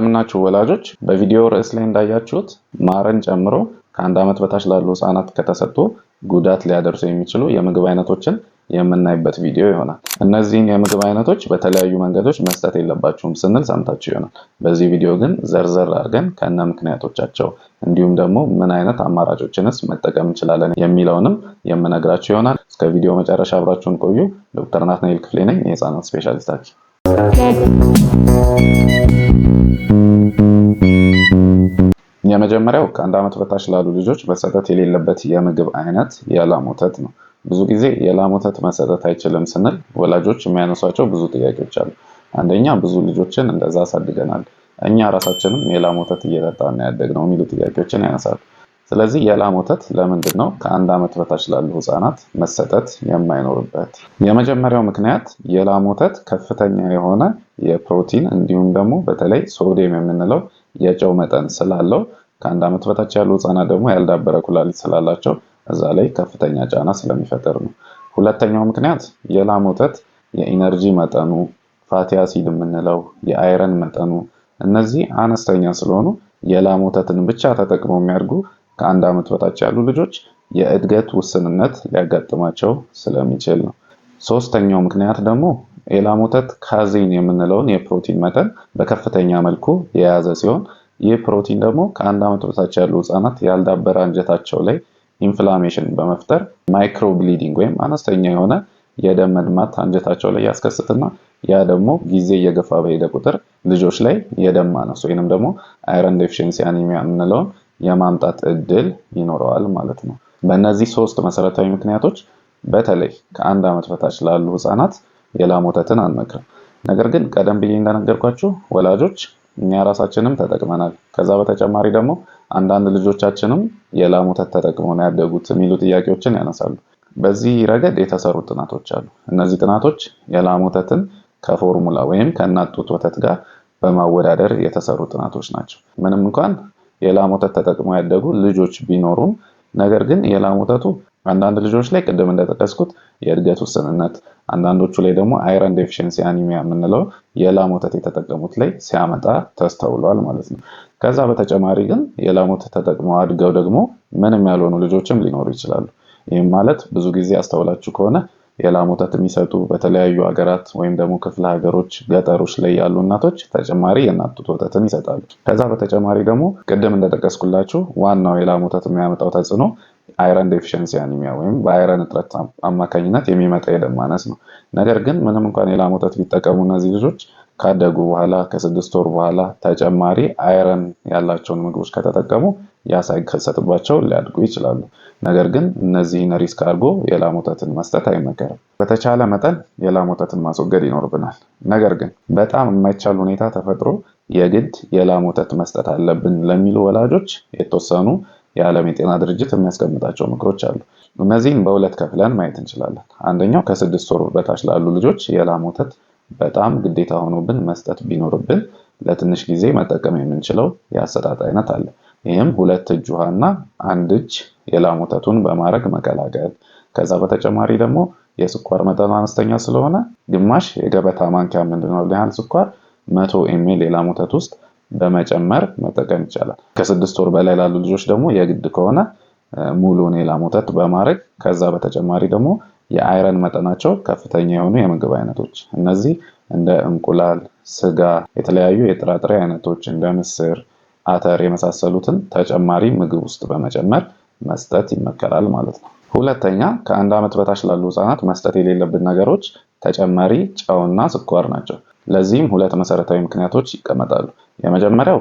እንደምናችሁ ወላጆች፣ በቪዲዮ ርዕስ ላይ እንዳያችሁት ማርን ጨምሮ ከአንድ ዓመት በታች ላሉ ህጻናት ከተሰጡ ጉዳት ሊያደርሱ የሚችሉ የምግብ አይነቶችን የምናይበት ቪዲዮ ይሆናል። እነዚህን የምግብ አይነቶች በተለያዩ መንገዶች መስጠት የለባችሁም ስንል ሰምታችሁ ይሆናል። በዚህ ቪዲዮ ግን ዘርዘር አድርገን ከነ ምክንያቶቻቸው እንዲሁም ደግሞ ምን አይነት አማራጮችንስ መጠቀም እንችላለን የሚለውንም የምነግራችሁ ይሆናል። እስከ ቪዲዮ መጨረሻ አብራችሁን ቆዩ። ዶክተር ናትናኤል ክፍሌ ነኝ የህፃናት ስፔሻሊስታችን የመጀመሪያው ከአንድ ዓመት በታች ላሉ ልጆች መሰጠት የሌለበት የምግብ አይነት የላም ወተት ነው። ብዙ ጊዜ የላም ወተት መሰጠት አይችልም ስንል ወላጆች የሚያነሷቸው ብዙ ጥያቄዎች አሉ። አንደኛ ብዙ ልጆችን እንደዛ አሳድገናል፣ እኛ ራሳችንም የላም ወተት እየጠጣን ያደግነው የሚሉ ጥያቄዎችን ያነሳሉ። ስለዚህ የላም ወተት ለምንድን ነው ከአንድ ዓመት በታች ላሉ ህፃናት መሰጠት የማይኖርበት? የመጀመሪያው ምክንያት የላም ወተት ከፍተኛ የሆነ የፕሮቲን እንዲሁም ደግሞ በተለይ ሶዲየም የምንለው የጨው መጠን ስላለው ከአንድ ዓመት በታች ያሉ ህፃናት ደግሞ ያልዳበረ ኩላሊት ስላላቸው እዛ ላይ ከፍተኛ ጫና ስለሚፈጠር ነው። ሁለተኛው ምክንያት የላም ወተት የኢነርጂ መጠኑ፣ ፋቲ አሲድ የምንለው የአይረን መጠኑ እነዚህ አነስተኛ ስለሆኑ የላም ወተትን ብቻ ተጠቅመው የሚያድጉ ከአንድ ዓመት በታች ያሉ ልጆች የእድገት ውስንነት ሊያጋጥማቸው ስለሚችል ነው። ሶስተኛው ምክንያት ደግሞ የላም ወተት ካዚን የምንለውን የፕሮቲን መጠን በከፍተኛ መልኩ የያዘ ሲሆን ይህ ፕሮቲን ደግሞ ከአንድ ዓመት በታች ያሉ ህጻናት ያልዳበረ አንጀታቸው ላይ ኢንፍላሜሽን በመፍጠር ማይክሮ ብሊዲንግ ወይም አነስተኛ የሆነ የደም መድማት አንጀታቸው ላይ ያስከስትና ያ ደግሞ ጊዜ እየገፋ በሄደ ቁጥር ልጆች ላይ የደም ማነስ ወይንም ደግሞ አይረን ዴፊሽንሲ አኒሚያ የምንለውን የማምጣት እድል ይኖረዋል ማለት ነው። በእነዚህ ሶስት መሰረታዊ ምክንያቶች በተለይ ከአንድ ዓመት በታች ላሉ ህፃናት የላም ወተትን አንመክርም። ነገር ግን ቀደም ብዬ እንደነገርኳችሁ ወላጆች እኛ ራሳችንም ተጠቅመናል። ከዛ በተጨማሪ ደግሞ አንዳንድ ልጆቻችንም የላም ወተት ተጠቅመው ነው ያደጉት የሚሉ ጥያቄዎችን ያነሳሉ። በዚህ ረገድ የተሰሩ ጥናቶች አሉ። እነዚህ ጥናቶች የላም ወተትን ከፎርሙላ ወይም ከእናት ጡት ወተት ጋር በማወዳደር የተሰሩ ጥናቶች ናቸው። ምንም እንኳን የላም ወተት ተጠቅመው ያደጉ ልጆች ቢኖሩም ነገር ግን የላም ወተቱ አንዳንድ ልጆች ላይ ቅድም እንደጠቀስኩት የእድገት ውስንነት፣ አንዳንዶቹ ላይ ደግሞ አይረን ዴፊሽንሲ አኒሚያ የምንለው የላም ወተት የተጠቀሙት ላይ ሲያመጣ ተስተውሏል ማለት ነው። ከዛ በተጨማሪ ግን የላም ወተት ተጠቅመው አድገው ደግሞ ምንም ያልሆኑ ልጆችም ሊኖሩ ይችላሉ። ይህም ማለት ብዙ ጊዜ አስተውላችሁ ከሆነ የላም ወተት የሚሰጡ በተለያዩ ሀገራት ወይም ደግሞ ክፍለ ሀገሮች ገጠሮች ላይ ያሉ እናቶች ተጨማሪ የእናት ጡት ወተትን ይሰጣሉ። ከዛ በተጨማሪ ደግሞ ቅድም እንደጠቀስኩላችሁ ዋናው የላም ወተት የሚያመጣው ተጽዕኖ አይረን ዴፊሽንሲ አኒሚያ ወይም በአይረን እጥረት አማካኝነት የሚመጣ የደም ማነስ ነው። ነገር ግን ምንም እንኳን የላም ወተት ቢጠቀሙ እነዚህ ልጆች ካደጉ በኋላ ከስድስት ወር በኋላ ተጨማሪ አይረን ያላቸውን ምግቦች ከተጠቀሙ ያ ሳይከሰትባቸው ሊያድጉ ይችላሉ። ነገር ግን እነዚህን ሪስክ አድርጎ የላም ወተትን መስጠት አይመከርም። በተቻለ መጠን የላም ወተትን ማስወገድ ይኖርብናል። ነገር ግን በጣም የማይቻል ሁኔታ ተፈጥሮ የግድ የላም ወተት መስጠት አለብን ለሚሉ ወላጆች የተወሰኑ የዓለም የጤና ድርጅት የሚያስቀምጣቸው ምክሮች አሉ። እነዚህም በሁለት ከፍለን ማየት እንችላለን። አንደኛው ከስድስት ወር በታች ላሉ ልጆች የላም ወተት በጣም ግዴታ ሆኖብን መስጠት ቢኖርብን ለትንሽ ጊዜ መጠቀም የምንችለው የአሰጣጥ አይነት አለ። ይህም ሁለት እጅ ውሃና አንድ እጅ የላም ወተቱን በማድረግ መቀላቀል። ከዛ በተጨማሪ ደግሞ የስኳር መጠኑ አነስተኛ ስለሆነ ግማሽ የገበታ ማንኪያ ምንድነው ያህል ስኳር መቶ ኤሜል የላም ወተት ውስጥ በመጨመር መጠቀም ይቻላል። ከስድስት ወር በላይ ላሉ ልጆች ደግሞ የግድ ከሆነ ሙሉን የላም ወተት በማድረግ ከዛ በተጨማሪ ደግሞ የአይረን መጠናቸው ከፍተኛ የሆኑ የምግብ አይነቶች እነዚህ እንደ እንቁላል፣ ስጋ፣ የተለያዩ የጥራጥሬ አይነቶች እንደ ምስር አተር የመሳሰሉትን ተጨማሪ ምግብ ውስጥ በመጨመር መስጠት ይመከራል ማለት ነው። ሁለተኛ ከአንድ ዓመት በታች ላሉ ህጻናት መስጠት የሌለብን ነገሮች ተጨማሪ ጨውና ስኳር ናቸው። ለዚህም ሁለት መሰረታዊ ምክንያቶች ይቀመጣሉ። የመጀመሪያው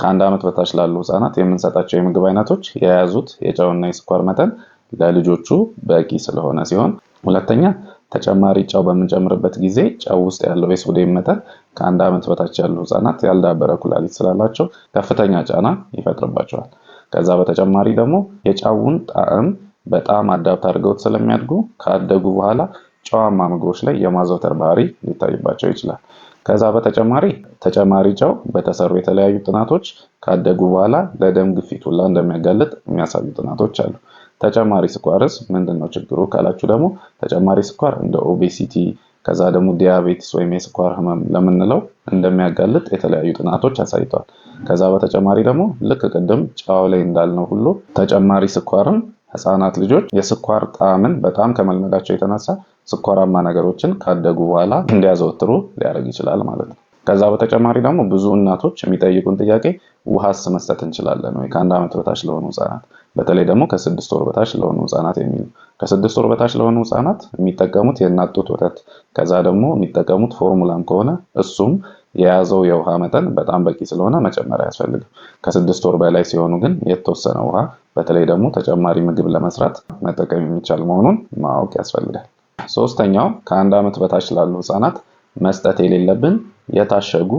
ከአንድ ዓመት በታች ላሉ ህጻናት የምንሰጣቸው የምግብ አይነቶች የያዙት የጨውና የስኳር መጠን ለልጆቹ በቂ ስለሆነ ሲሆን ሁለተኛ ተጨማሪ ጨው በምንጨምርበት ጊዜ ጨው ውስጥ ያለው የሶዲየም መጠን ከአንድ ዓመት በታች ያሉ ህጻናት ያልዳበረ ኩላሊት ስላላቸው ከፍተኛ ጫና ይፈጥርባቸዋል። ከዛ በተጨማሪ ደግሞ የጨውን ጣዕም በጣም አዳብት አድርገውት ስለሚያድጉ ካደጉ በኋላ ጨዋማ ምግቦች ላይ የማዘውተር ባህሪ ሊታይባቸው ይችላል። ከዛ በተጨማሪ ተጨማሪ ጨው በተሰሩ የተለያዩ ጥናቶች ካደጉ በኋላ ለደም ግፊት ሁላ እንደሚያጋልጥ የሚያሳዩ ጥናቶች አሉ። ተጨማሪ ስኳርስ ምንድን ነው ችግሩ ካላችሁ ደግሞ ተጨማሪ ስኳር እንደ ኦቤሲቲ ከዛ ደግሞ ዲያቤቲስ ወይም የስኳር ህመም ለምንለው እንደሚያጋልጥ የተለያዩ ጥናቶች አሳይተዋል ከዛ በተጨማሪ ደግሞ ልክ ቅድም ጨው ላይ እንዳልነው ሁሉ ተጨማሪ ስኳርም ህፃናት ልጆች የስኳር ጣዕምን በጣም ከመልመዳቸው የተነሳ ስኳራማ ነገሮችን ካደጉ በኋላ እንዲያዘወትሩ ሊያደርግ ይችላል ማለት ነው። ከዛ በተጨማሪ ደግሞ ብዙ እናቶች የሚጠይቁን ጥያቄ ውሃስ መስጠት እንችላለን ወይ ከአንድ ዓመት በታች ለሆኑ ህጻናት? በተለይ ደግሞ ከስድስት ወር በታች ለሆኑ ህጻናት የሚል ከስድስት ወር በታች ለሆኑ ህጻናት የሚጠቀሙት የእናት ጡት ወተት ከዛ ደግሞ የሚጠቀሙት ፎርሙላም ከሆነ እሱም የያዘው የውሃ መጠን በጣም በቂ ስለሆነ መጨመር አያስፈልግም። ከስድስት ወር በላይ ሲሆኑ ግን የተወሰነ ውሃ በተለይ ደግሞ ተጨማሪ ምግብ ለመስራት መጠቀም የሚቻል መሆኑን ማወቅ ያስፈልጋል። ሶስተኛው ከአንድ ዓመት በታች ላሉ ህጻናት መስጠት የሌለብን የታሸጉ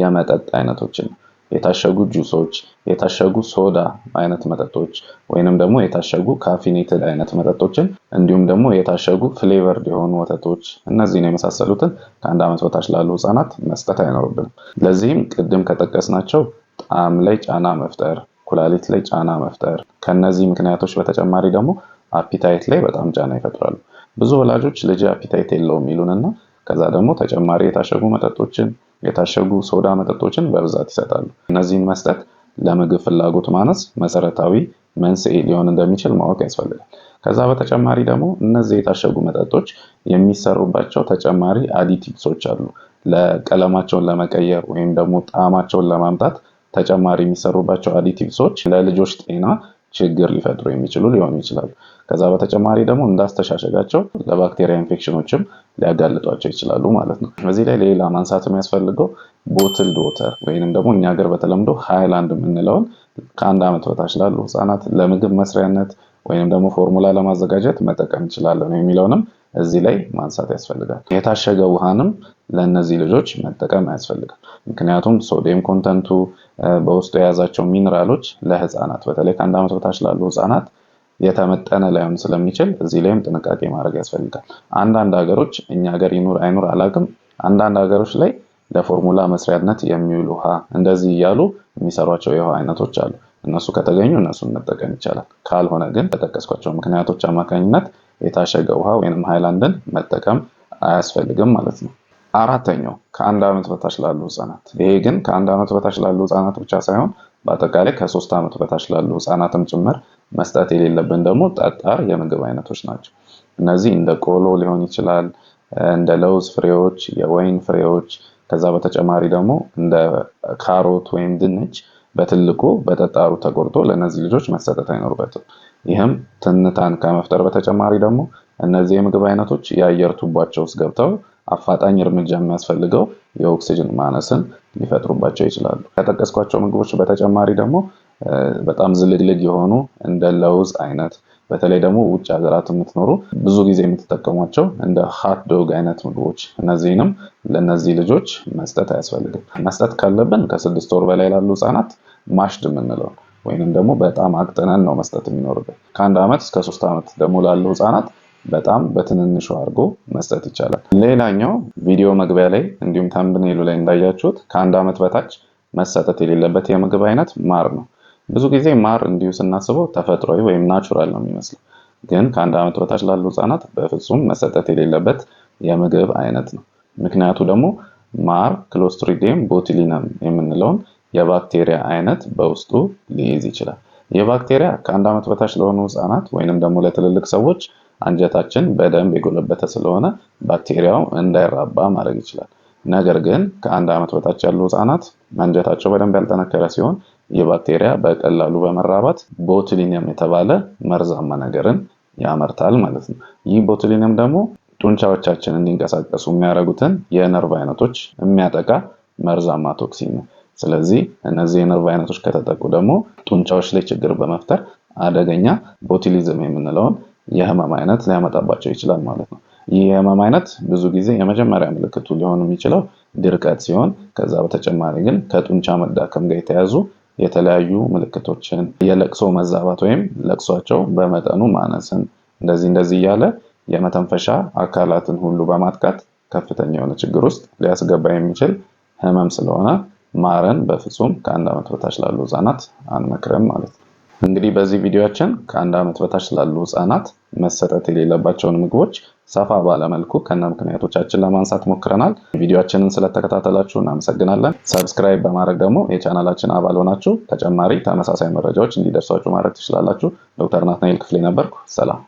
የመጠጥ አይነቶችን ነው። የታሸጉ ጁሶች፣ የታሸጉ ሶዳ አይነት መጠጦች ወይንም ደግሞ የታሸጉ ካፊኔትድ አይነት መጠጦችን እንዲሁም ደግሞ የታሸጉ ፍሌቨር የሆኑ ወተቶች እነዚህን የመሳሰሉትን ከአንድ ዓመት በታች ላሉ ህፃናት መስጠት አይኖርብንም። ለዚህም ቅድም ከጠቀስናቸው ጣዕም ላይ ጫና መፍጠር፣ ኩላሊት ላይ ጫና መፍጠር፣ ከነዚህ ምክንያቶች በተጨማሪ ደግሞ አፒታይት ላይ በጣም ጫና ይፈጥራሉ። ብዙ ወላጆች ልጅ አፒታይት የለውም ይሉንና ከዛ ደግሞ ተጨማሪ የታሸጉ መጠጦችን የታሸጉ ሶዳ መጠጦችን በብዛት ይሰጣሉ። እነዚህን መስጠት ለምግብ ፍላጎት ማነስ መሰረታዊ መንስኤ ሊሆን እንደሚችል ማወቅ ያስፈልጋል። ከዛ በተጨማሪ ደግሞ እነዚህ የታሸጉ መጠጦች የሚሰሩባቸው ተጨማሪ አዲቲቭሶች አሉ። ለቀለማቸውን ለመቀየር ወይም ደግሞ ጣዕማቸውን ለማምጣት ተጨማሪ የሚሰሩባቸው አዲቲቭሶች ለልጆች ጤና ችግር ሊፈጥሩ የሚችሉ ሊሆኑ ይችላሉ። ከዛ በተጨማሪ ደግሞ እንዳስተሻሸጋቸው ለባክቴሪያ ኢንፌክሽኖችም ሊያጋልጧቸው ይችላሉ ማለት ነው። በዚህ ላይ ሌላ ማንሳት የሚያስፈልገው ቦትልድ ወተር ወይንም ደግሞ እኛ ሀገር በተለምዶ ሃይላንድ የምንለውን ከአንድ ዓመት በታች ላሉ ህጻናት ለምግብ መስሪያነት ወይም ደግሞ ፎርሙላ ለማዘጋጀት መጠቀም እንችላለን የሚለውንም እዚህ ላይ ማንሳት ያስፈልጋል። የታሸገ ውሃንም ለእነዚህ ልጆች መጠቀም ያስፈልጋል። ምክንያቱም ሶዲየም ኮንተንቱ በውስጡ የያዛቸው ሚነራሎች ለህፃናት በተለይ ከአንድ ዓመት በታች ላሉ ህፃናት የተመጠነ ላይሆን ስለሚችል እዚህ ላይም ጥንቃቄ ማድረግ ያስፈልጋል። አንዳንድ ሀገሮች እኛ ሀገር ይኑር አይኑር አላውቅም፣ አንዳንድ ሀገሮች ላይ ለፎርሙላ መስሪያነት የሚውል ውሃ እንደዚህ እያሉ የሚሰሯቸው የውሃ አይነቶች አሉ። እነሱ ከተገኙ እነሱን መጠቀም ይቻላል። ካልሆነ ግን በጠቀስኳቸው ምክንያቶች አማካኝነት የታሸገ ውሃ ወይም ሃይላንድን መጠቀም አያስፈልግም ማለት ነው። አራተኛው ከአንድ ዓመት በታች ላሉ ህጻናት። ይሄ ግን ከአንድ ዓመት በታች ላሉ ህጻናት ብቻ ሳይሆን በአጠቃላይ ከሶስት ዓመት በታች ላሉ ህጻናትም ጭምር መስጠት የሌለብን ደግሞ ጠጣር የምግብ አይነቶች ናቸው። እነዚህ እንደ ቆሎ ሊሆን ይችላል፣ እንደ ለውዝ ፍሬዎች፣ የወይን ፍሬዎች። ከዛ በተጨማሪ ደግሞ እንደ ካሮት ወይም ድንች በትልቁ በጠጣሩ ተቆርጦ ለእነዚህ ልጆች መሰጠት አይኖርበትም። ይህም ትንታን ከመፍጠር በተጨማሪ ደግሞ እነዚህ የምግብ አይነቶች የአየር ቱቧቸው ውስጥ ገብተው አፋጣኝ እርምጃ የሚያስፈልገው የኦክሲጅን ማነስን ሊፈጥሩባቸው ይችላሉ። ከጠቀስኳቸው ምግቦች በተጨማሪ ደግሞ በጣም ዝልግልግ የሆኑ እንደ ለውዝ አይነት በተለይ ደግሞ ውጭ ሀገራት የምትኖሩ ብዙ ጊዜ የምትጠቀሟቸው እንደ ሀት ዶግ አይነት ምግቦች እነዚህንም ለእነዚህ ልጆች መስጠት አያስፈልግም። መስጠት ካለብን ከስድስት ወር በላይ ላሉ ህጻናት ማሽድ የምንለው ወይንም ደግሞ በጣም አቅጥነን ነው መስጠት የሚኖርበት። ከአንድ ዓመት እስከ ሶስት ዓመት ደግሞ ላሉ ህጻናት በጣም በትንንሹ አድርጎ መስጠት ይቻላል። ሌላኛው ቪዲዮ መግቢያ ላይ እንዲሁም ታምብኔሉ ላይ እንዳያችሁት ከአንድ ዓመት በታች መሰጠት የሌለበት የምግብ አይነት ማር ነው። ብዙ ጊዜ ማር እንዲሁ ስናስበው ተፈጥሯዊ ወይም ናቹራል ነው የሚመስለው፣ ግን ከአንድ ዓመት በታች ላሉ ህጻናት በፍጹም መሰጠት የሌለበት የምግብ አይነት ነው። ምክንያቱ ደግሞ ማር ክሎስትሪዲየም ቦቲሊነም የምንለውን የባክቴሪያ አይነት በውስጡ ሊይዝ ይችላል። ይህ ባክቴሪያ ከአንድ ዓመት በታች ለሆኑ ህፃናት ወይንም ደግሞ ለትልልቅ ሰዎች አንጀታችን በደንብ የጎለበተ ስለሆነ ባክቴሪያው እንዳይራባ ማድረግ ይችላል። ነገር ግን ከአንድ ዓመት በታች ያሉ ህፃናት አንጀታቸው በደንብ ያልጠነከረ ሲሆን ይህ ባክቴሪያ በቀላሉ በመራባት ቦትሊኒየም የተባለ መርዛማ ነገርን ያመርታል ማለት ነው። ይህ ቦትሊኒየም ደግሞ ጡንቻዎቻችን እንዲንቀሳቀሱ የሚያደርጉትን የነርቭ አይነቶች የሚያጠቃ መርዛማ ቶክሲን ነው። ስለዚህ እነዚህ የነርቭ አይነቶች ከተጠቁ ደግሞ ጡንቻዎች ላይ ችግር በመፍጠር አደገኛ ቦቲሊዝም የምንለውን የህመም አይነት ሊያመጣባቸው ይችላል ማለት ነው። ይህ የህመም አይነት ብዙ ጊዜ የመጀመሪያ ምልክቱ ሊሆን የሚችለው ድርቀት ሲሆን ከዛ በተጨማሪ ግን ከጡንቻ መዳከም ጋር የተያዙ የተለያዩ ምልክቶችን የለቅሶ መዛባት ወይም ለቅሷቸው በመጠኑ ማነስን እንደዚህ እንደዚህ እያለ የመተንፈሻ አካላትን ሁሉ በማጥቃት ከፍተኛ የሆነ ችግር ውስጥ ሊያስገባ የሚችል ህመም ስለሆነ ማርን በፍጹም ከአንድ ዓመት በታች ላሉ ህጻናት አንመክርም ማለት ነው። እንግዲህ በዚህ ቪዲዮችን ከአንድ ዓመት በታች ላሉ ህጻናት መሰጠት የሌለባቸውን ምግቦች ሰፋ ባለመልኩ ከነ ምክንያቶቻችን ለማንሳት ሞክረናል። ቪዲዮችንን ስለተከታተላችሁ እናመሰግናለን። ሰብስክራይብ በማድረግ ደግሞ የቻናላችን አባል ሆናችሁ ተጨማሪ ተመሳሳይ መረጃዎች እንዲደርሷችሁ ማድረግ ትችላላችሁ። ዶክተር ናትናኤል ክፍሌ ነበርኩ። ሰላም